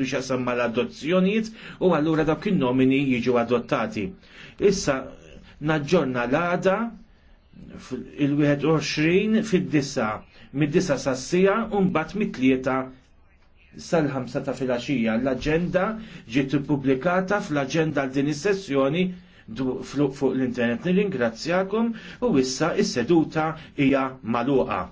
li xaqsam l adozzjonijiet u għallura dawk il-nomini jiġu adottati. Issa naġġorna l-għada il-21 fid-disa, mid-disa sassija un bat mit-tlieta sal-5 ta' filaxija. L-agenda ġiet publikata fl-agenda din is-sessjoni fuq l-internet. Nirringrazzjakom u issa is-seduta hija maluqa.